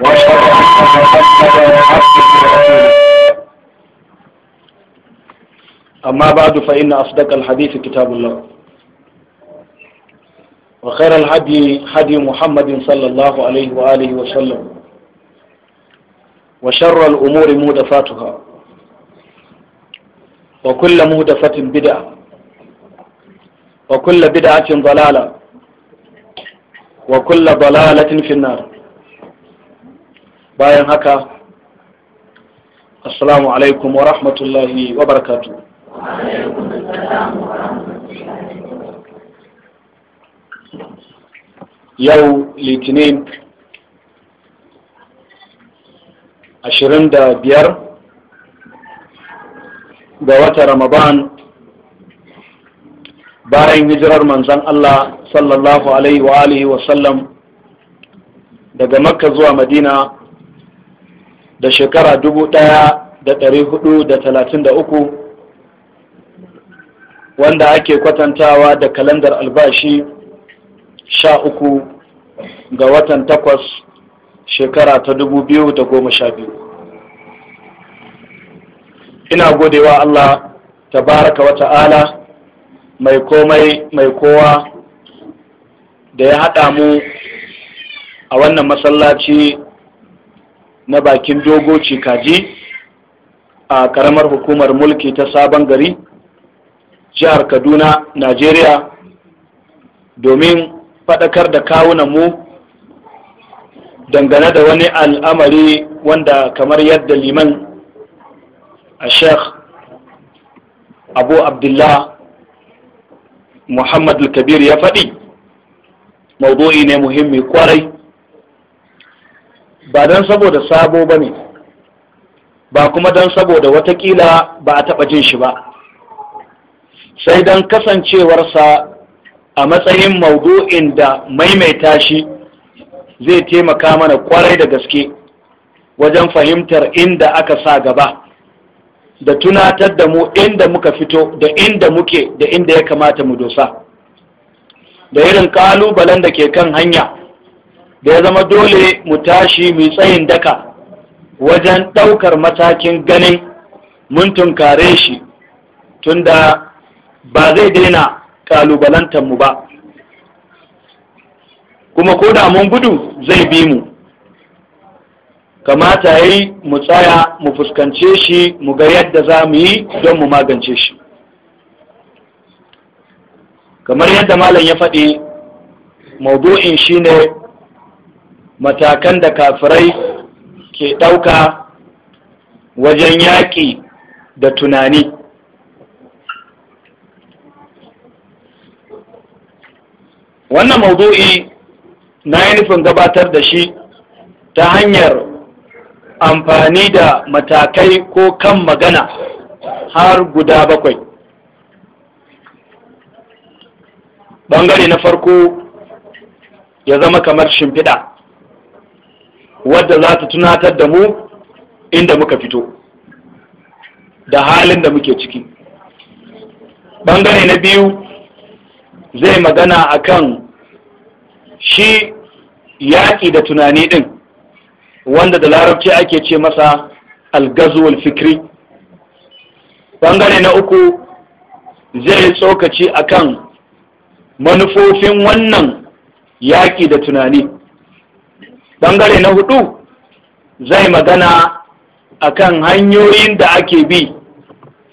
واشهد ان اما بعد فان اصدق الحديث كتاب الله وخير الهدي هدي محمد صلى الله عليه واله وسلم وشر الامور مودفاتها وكل مودفة بدعه وكل بدعه ضلاله وكل ضلاله في النار bayan haka assalamu alaikum wa rahmatullahi wa barakatu yau litinin 25 ga wata ramadan bayan hijirar manzan Allah sallallahu alaihi wa alihi wa sallam daga makka zuwa madina da shekara dubu ɗaya da ɗari hudu da talatin da uku wanda ake kwatantawa da kalandar albashi sha uku ga watan takwas shekara ta dubu biyu da goma sha biyu ina godewa Allah tabaraka wa ta'ala mai komai mai kowa da ya haɗa mu a wannan masallaci na bakin dogo kaji a karamar hukumar mulki ta sabon gari jihar kaduna najeriya domin faɗakar da kawunan mu dangane da wani al'amari wanda kamar yadda liman a sheikh abu abdullah Muhammadu kabir ya faɗi maudu'i ne muhimmi kwarai ba don saboda sabo ba ne ba kuma don saboda watakila ba a taɓa jin shi ba sai don kasancewarsa a matsayin maudu'in da maimaita shi zai taimaka mana kwarai da gaske wajen fahimtar inda aka sa gaba da tunatar da mu inda muka fito da inda muke da inda ya kamata mu dosa da irin kalubalen da ke kan hanya da ya zama dole mu tashi mu tsayin daka wajen ɗaukar matakin ganin mun tunkare shi tunda ba zai daina ƙalubalantar mu ba kuma ko da mun gudu zai bi mu kamata ya yi mu tsaya mu fuskance shi mu ga yadda za mu yi don mu magance shi kamar yadda malam ya faɗi maudu'in ne. matakan da kafirai ke ɗauka wajen yaƙi da tunani wannan maudu'i na yi nufin gabatar da shi ta hanyar amfani da matakai ko kan magana har guda bakwai ɓangare na farko ya zama kamar shimfiɗa wadda za ta tunatar da mu inda muka fito da halin da muke ciki ɓangare na biyu zai magana akan shi yaƙi da tunani ɗin wanda da larabci ake ce masa algazuwal fikri ɓangare na uku zai tsokaci akan manufofin wannan yaƙi da tunani bangare na hudu zai magana akan hanyoyin da ake bi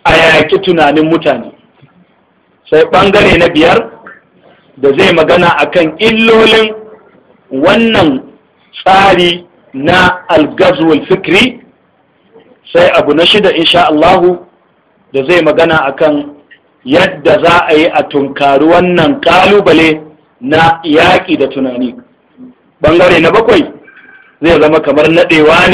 a yaƙi tunanin mutane sai bangare na biyar da zai magana akan illolin wannan tsari na algazwul fikri sai abu na shida insha Allahu da zai magana akan yadda za a yi a tunkari wannan kalubale na yaƙi da tunani bangare na bakwai zai zama kamar nadewa ne